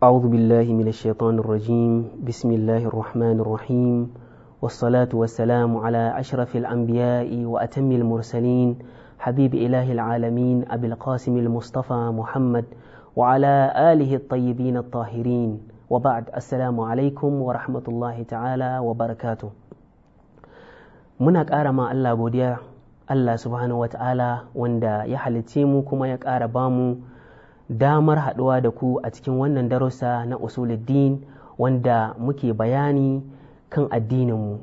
أعوذ بالله من الشيطان الرجيم بسم الله الرحمن الرحيم والصلاة والسلام على أشرف الأنبياء وأتم المرسلين حبيب إله العالمين أبي القاسم المصطفى محمد وعلى آله الطيبين الطاهرين وبعد السلام عليكم ورحمة الله تعالى وبركاته منك أرما الله بوديا الله سبحانه وتعالى وندا يحلتيمو كما يكاربامو damar haɗuwa da ku a cikin wannan darussa na usuluddin wanda muke bayani kan addininmu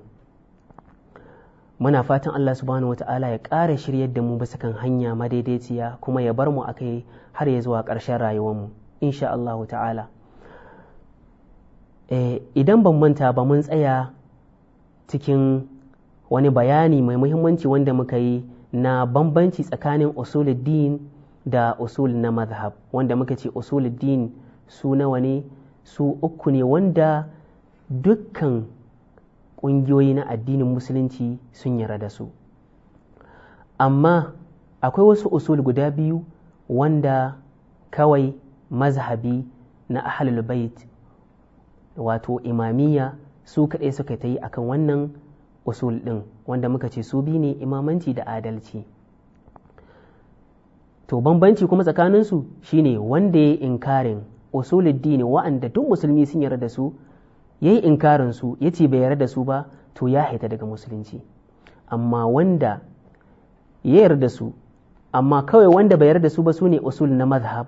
muna fatan Allah subhanahu wata'ala ya ƙara shiryar da mu bisa kan hanya madaidaiciya kuma ya bar mu a kai har ya zuwa ƙarshen rayuwarmu insha Allah ta'ala eh, idan ban manta ba mun tsaya cikin wani bayani mai muhimmanci wanda muka yi na bambanci tsakanin usuluddin da usul na mazhab wanda muka ce din su nawa ne su uku ne wanda dukkan ƙungiyoyi na addinin musulunci sun yarda da su amma akwai wasu usul guda biyu wanda kawai mazhabi na ahlul bait wato imamiya su kaɗai suka ta yi akan wannan usul ɗin wanda muka ce su bi ne imamanci da adalci to bambanci kuma tsakaninsu shine wanda ya inkarin usuluddini wa'anda duk musulmi sun yarda da su ya yi inkarin su ya ce bai yarda da su ba to ya haita daga musulunci amma wanda ya yarda da su amma kawai wanda bai yarda da su ba su ne usul na mazhab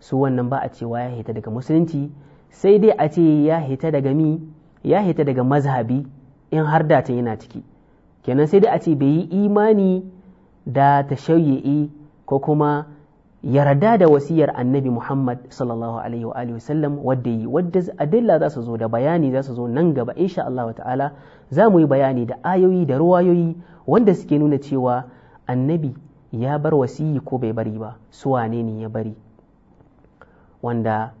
su wannan ba a cewa ya haita daga musulunci sai dai a ce ya haita daga mi ya haita daga mazhabi in har da ta yana ciki kenan sai dai a ce bai yi imani da tashayyi ko kuma yarda da wasiyar annabi Muhammad sallallahu alaihi wa alihi wasallam wadda yi wadda adilla za su zo da bayani za su zo nan gaba insha Allah ta'ala za mu yi bayani da ayoyi da ruwayoyi wanda suke nuna cewa annabi ya bar wasiyi ko bai bari ba su wane ne ya bari wanda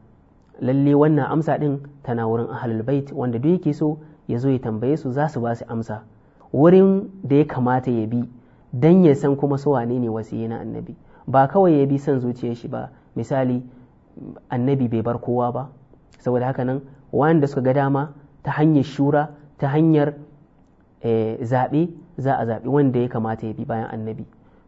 lalle wannan amsa din tana wurin ahlul bait wanda duk yake so ya zo ya tambaye su za su ba su amsa wurin da ya kamata ya bi dan ya san kuma su wane ne wasiyi na annabi ba kawai ya bi son zuciyar shi ba misali annabi bai bar kowa ba saboda haka nan wanda suka ga dama ta hanyar shura ta hanyar eh, zaɓe za a zaɓi wanda ya kamata ya bi bayan annabi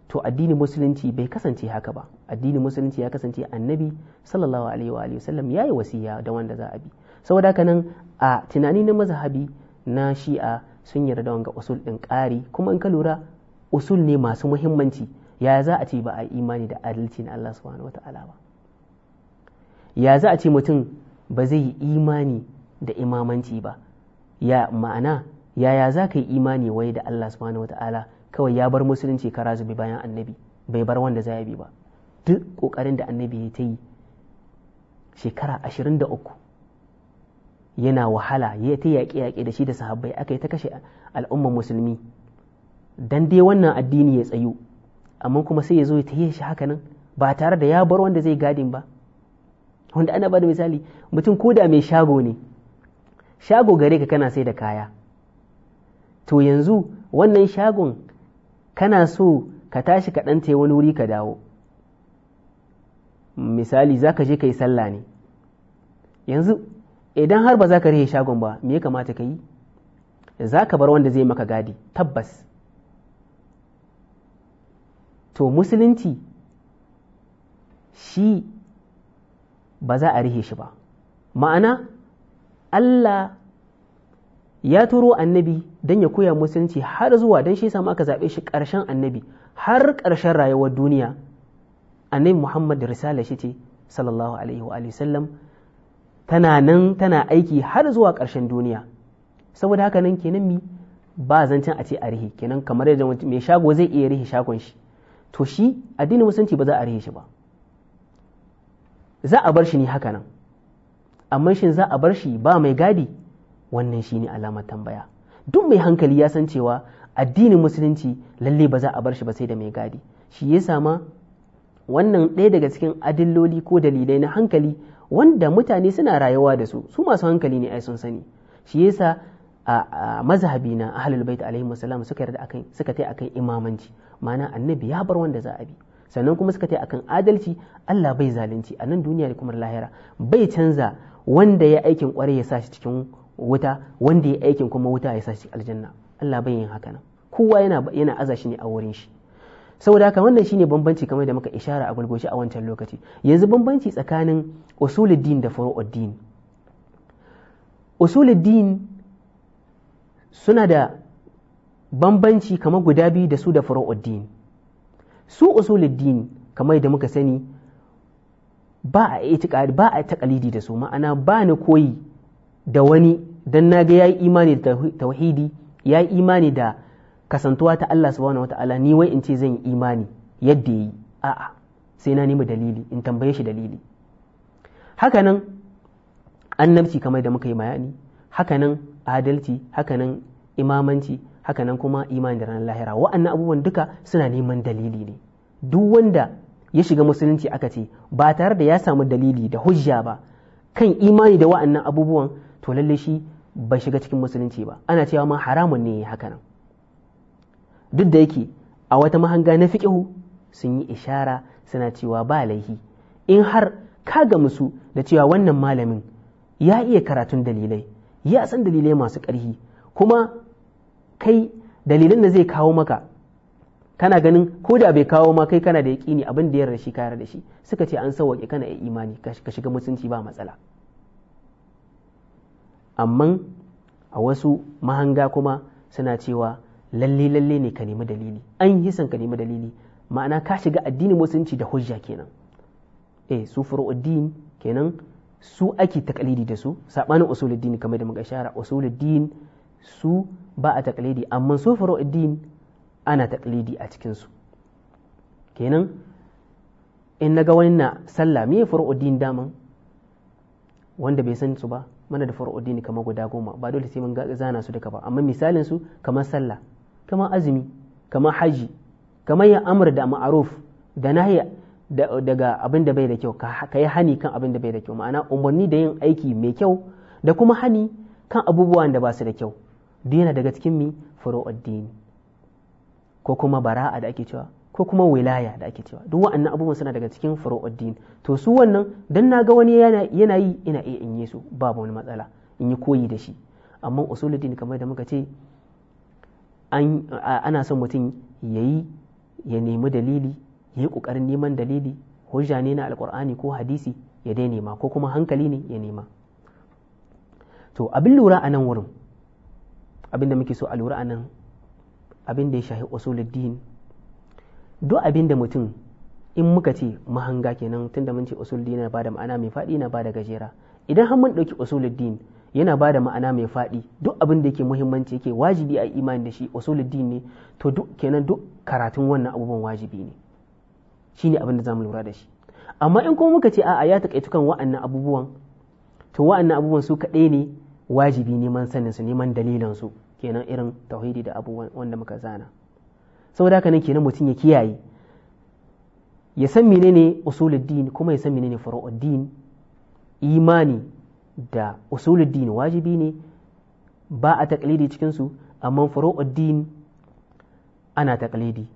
to addinin musulunci bai kasance haka ba addinin musulunci ya kasance annabi sallallahu alaihi wa sallam ya yi wasiya da wanda za a bi saboda haka nan a tunani na mazhabi na shi'a sun yarda da wanga usul ɗin ƙare. kuma in ka lura usul ne masu muhimmanci ya za a ce ba a imani da adalci na Allah subhanahu wata'ala ba ya za a ce mutum ba zai yi imani da imamanci ba ya ma'ana yaya za ka yi imani wai da Allah subhanahu wata'ala kawai ya bar musulunci kara zubi bayan annabi bai bar wanda za bi ba duk ƙoƙarin da annabi ya ta yi shekara ashirin da uku yana wahala ya ta yaƙe-yaƙe da shi da sahabbai aka yi ta kashe al'ummar musulmi dan dai wannan addini ya tsayu amma kuma sai ya zo ya tahiye shi haka nan ba tare da ya bar wanda zai gadin ba wanda ana bada misali mutum ko da mai shago ne shago gare ka kana sai da kaya to yanzu wannan shagon kana so ka tashi ka ɗan wani wuri ka dawo misali za ka je ka yi sallah ne yanzu idan har ba za ka rihe shagon ba me ya kamata ka yi za ka bar wanda zai maka gadi tabbas to musulunci shi ba za a rihe shi ba ma'ana Allah ya turo annabi don ya koya musulunci har zuwa don shi samu aka zaɓe shi ƙarshen annabi har ƙarshen rayuwar duniya annabi muhammad risala shi ce sallallahu alaihi wa sallam tana nan tana aiki har zuwa ƙarshen duniya saboda haka nan kenan mi ba zancen a ce a rihe kenan kamar yadda mai shago zai iya rihe shagon shi to shi addinin musulunci ba za a rihe shi ba za a bar shi ne haka nan amma shin za a bar shi ba mai gadi wannan shi ne alamar tambaya duk mai hankali ya san cewa addinin musulunci lalle ba za a bar shi ba sai da mai gadi shi ya sama wannan ɗaya daga cikin adilloli ko dalilai na hankali wanda mutane suna rayuwa da su su masu hankali ne ai sun sani shi yasa a mazhabi na ahlul bait alaihi wasallam suka yarda akan suka tai akan imamanci ma'ana annabi ya bar wanda za a bi sannan kuma suka tai akan adalci Allah bai zalunci a nan duniya da kuma lahira bai canza wanda ya aikin kwarai ya sashi cikin wuta wanda ya aikin kuma wuta ya sashi aljanna Allah bai yin haka nan kowa yana yana aza shi ne a wurin shi saboda haka wannan shine bambanci kamar da muka ishara a gulgoshi a wancan lokaci yanzu bambanci tsakanin usuluddin da furu'uddin usuluddin suna da bambanci kama guda biyu da su da furu'uddin su usuluddin kamar da muka sani ba a itiqadi ba da su ma'ana ba ni koyi da wani dan ya yayi imani da tauhidi yayi imani da kasantuwa ta Allah subhanahu wataala ni wai in ce zan yi imani yadda yi a'a sai na nemi dalili in tambaye shi dalili hakanan annabci kamar da muka yi bayani hakanan adalci hakanan imamanci hakanan kuma imani da ranar lahira wa'annan abubuwan duka suna neman dalili ne duk wanda ya shiga musulunci aka ce ba tare da ya samu dalili da hujja ba kan imani da wa'annan abubuwan to lalle shi bai shiga cikin musulunci ba ana cewa ma haramun ne hakanan duk da yake a wata mahanga na fiƙihu sun yi ishara suna cewa ba laihi in har ka gamsu da cewa wannan malamin ya iya karatun dalilai ya san dalilai masu ƙarfi kuma kai dalilin da zai kawo maka kana ganin ko da bai kawo ma kai kana da yaƙini abin da ya rashi ka da shi suka ce an sauwaƙe kana ya imani ka shiga mutunci ba matsala amma a wasu mahanga kuma suna cewa lalle lalle ne ka nemi dalili an yi san ka nemi dalili ma'ana ka shiga addinin musulunci da hujja kenan eh su kenan su ake takalidi da su saɓanin sabanin dini kamar da muka ishara din su ba a takalidi amma su din ana takalidi a cikin su kenan in naga wani na sallah me din daman wanda bai san su ba mana da din kamar guda goma ba dole sai mun zana su duka ba amma misalin su kamar sallah kamar azumi kamar haji kamar ya amur da ma'aruf da nahya daga abin da bai da kyau ka yi hani kan abin da bai da kyau ma'ana umarni da yin aiki mai kyau da kuma hani kan abubuwan da ba su da kyau duk yana daga cikin mi addini ko kuma bara'a da ake cewa ko kuma wilaya da ake cewa duk wa'annan abubuwan suna daga cikin addini to su wannan dan na ga wani yana yi ina iya in yi su babu wani matsala in yi koyi da shi amma usuluddin kamar da muka ce ana son mutum ya yi ya nemi dalili yi ƙoƙarin neman dalili hujja ne na alƙur'ani ko hadisi ya dai nema ko kuma hankali ne ya nema to abin lura a nan wurin abin da muke so a lura a nan abin da ya shahi usuluddin duk abin da mutum in muka ce mahanga kenan tunda mun ce usuluddin yana bada ma'ana mai faɗi na bada gajera idan har mun ɗauki usuluddin yana bada ma'ana mai faɗi duk abin da yake muhimmanci yake wajibi a imani da shi usuluddin ne to duk kenan duk karatun wannan abubuwan wajibi ne Shi ne abin da za mu lura da shi amma in kuma muka ce a ya taƙaitu kan wa'annan abubuwan to wa'annan abubuwan su kaɗai ne wajibi neman sanin su neman dalilan su kenan irin tauhidi da abubuwan wanda muka zana saboda haka nan kenan mutum ya kiyaye ya san menene usuluddin kuma ya san menene faru'uddin imani da usuluddin wajibi ne ba a taqlidi cikin su amma faru'uddin ana taqlidi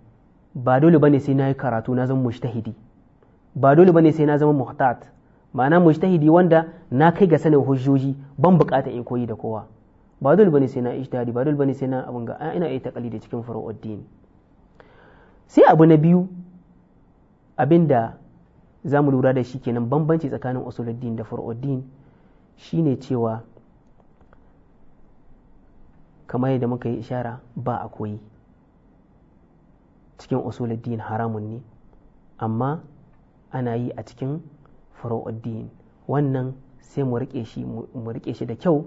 ba dole bane sai na yi karatu na zama mujtahidi ba dole bane sai na zama muhtat ma'ana mujtahidi wanda na kai ga sanin hujjoji ban bukata in koyi da kowa ba dole bane sai na ijtihadi ba dole bane sai na abun ga ina yi takali da cikin furu'uddin sai abu na biyu abinda za mu lura da shi kenan bambanci tsakanin usuluddin da furu'uddin shine cewa kamar yadda muka yi ishara ba a koyi cikin usuluddin haramun ne amma ana yi a cikin fara'uddin wannan sai mu riƙe shi da kyau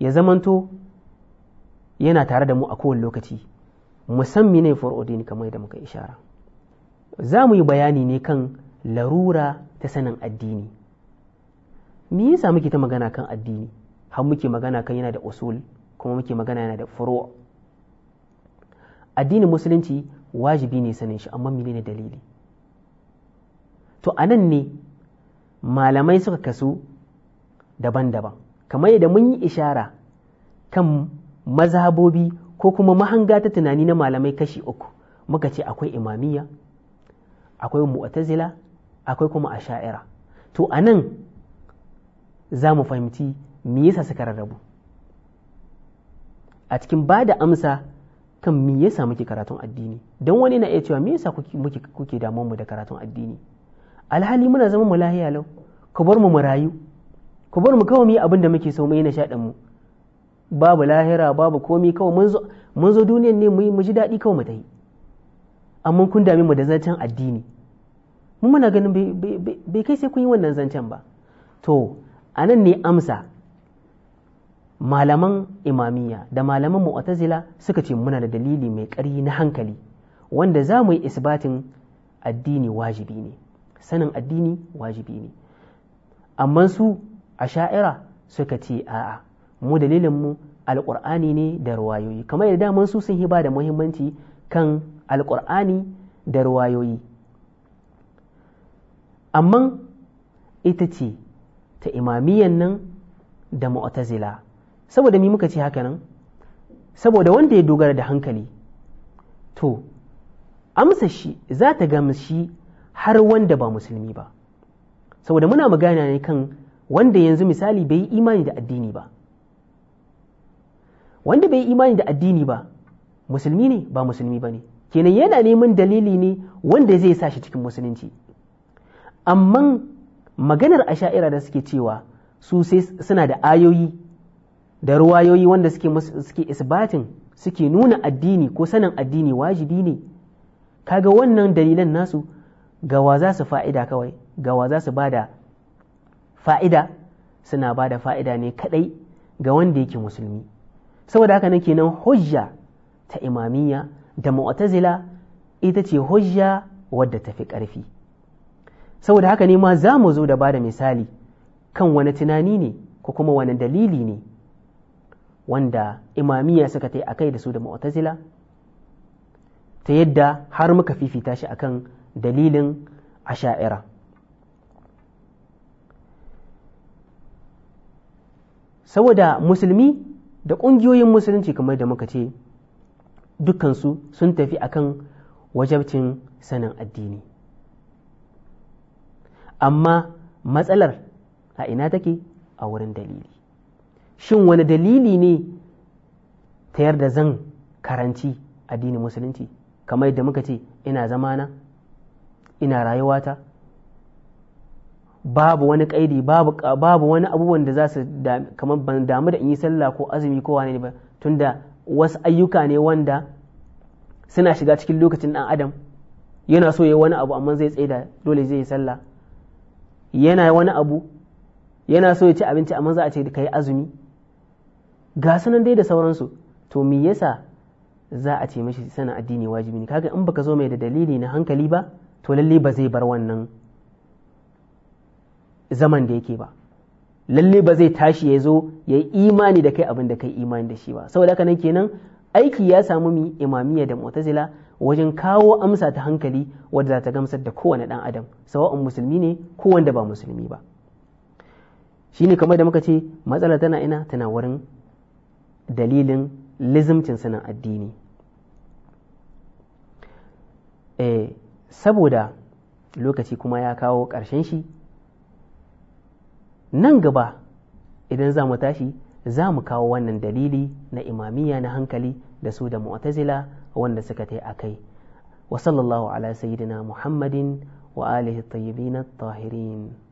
ya zamanto yana tare da mu a kowane lokaci musammi ne fara'uddin kamar da muka ishara za mu yi bayani ne kan larura ta sanin addini me yasa muke ta magana kan addini har muke magana kan yana da usul kuma muke magana yana da furu addinin musulunci wajibi ne sanin shi amma menene dalili to anan ne malamai suka kasu daban-daban kamar yadda mun yi ishara kan mazhabobi ko kuma mahanga ta tunani na malamai kashi uku muka ce akwai imamiyya akwai mu'tazila akwai kuma asha'ira to anan nan za mu fahimci me yasa suka rarrabu a cikin bada amsa kan me yasa muke karatun addini don wani na iya cewa me yasa kuke kuke mu da karatun addini alhali muna zama mu lahiya lau ku bar mu mu rayu ku bar mu kawai mu yi abin da muke so mu yi nishaɗin mu babu lahira babu komi kawai mun zo duniyan ne mu ji daɗi kawai mu tafi amma kun dame mu da zancen addini mun muna ganin bai kai sai kun yi wannan zancen ba to anan ne amsa malaman imamiya da malaman mu'tazila suka ce muna da dalili mai ƙari na hankali wanda za mu yi isbatin addini wajibi ne sanin addini wajibi ne amma su a sha'ira suka ce a'a mu dalilinmu alƙur'ani ne da ruwayoyi kamar yadda daman su sun hiba da muhimmanci kan alƙur'ani da ruwayoyi amma ita ce ta imamiyan nan da mu'tazila saboda mi muka ce haka nan saboda wanda ya dogara da hankali to amsa shi za ta gamshi har wanda ba musulmi ba saboda muna magana ne kan wanda yanzu misali bai yi imani da addini ba wanda bai yi imani da addini ba musulmi ne ba musulmi ba ne kenan yana neman dalili ne wanda zai sa shi cikin musulunci amma maganar asha'ira da suke cewa su sai suna da ayoyi da ruwayoyi wanda suke suke isbatin suke nuna addini ko sanin addini wajibi ne kaga wannan dalilan nasu ga wa za su fa'ida kawai ga wa za su bada fa'ida suna bada fa'ida ne kadai ga wanda yake musulmi saboda haka nan kenan hujja ta imamiyya da mu'tazila ita ce hujja wadda ta fi ƙarfi saboda haka ne ma za mu zo da bada misali kan wani tunani ne ko kuma wani dalili ne wanda imamiya suka ta yi kai da su da mu'tazila ta yadda har muka fifita shi akan dalilin asha'ira saboda musulmi da ƙungiyoyin musulunci kamar da muka ce dukansu sun tafi akan wajabcin sanin addini amma matsalar a ina take a wurin dalili shin wani dalili ne ta yarda zan karanci addinin musulunci kamar yadda muka ce ina zamana ina rayuwata babu wani kaidi babu wani abubuwan da za su kamar ban damu da in yi sallah ko azumi ko ne ba tunda wasu ayyuka ne wanda suna shiga cikin lokacin dan adam yana so ya wani abu amma zai tsaye da dole zai yi sallah yana wani abu yana so ya ci abinci amma za a ce ka yi azumi ga nan dai da sauransu to me yasa za a ce mashi sanin addini wajibi ne kaga in baka zo mai da dalili na hankali ba to lalle ba zai bar wannan zaman da yake ba lalle ba zai tashi ya zo ya yi imani da kai abin da kai imani da shi ba saboda haka nan kenan aiki ya samu mi imamiya da mu'tazila wajen kawo amsa ta hankali wadda za ta gamsar da kowane ɗan adam sawa'un musulmi ne ko wanda ba musulmi ba Shi ne kamar da muka ce matsalar tana ina tana wurin dalilin lizimcin sanin addini e, saboda lokaci kuma ya kawo ƙarshen shi nan gaba idan za mu tashi za mu kawo wannan dalili na imamiyya na hankali da su da mu'tazila wanda suka ta a kai wa sallallahu ala sayyidina muhammadin wa alihi tayyibin tahirin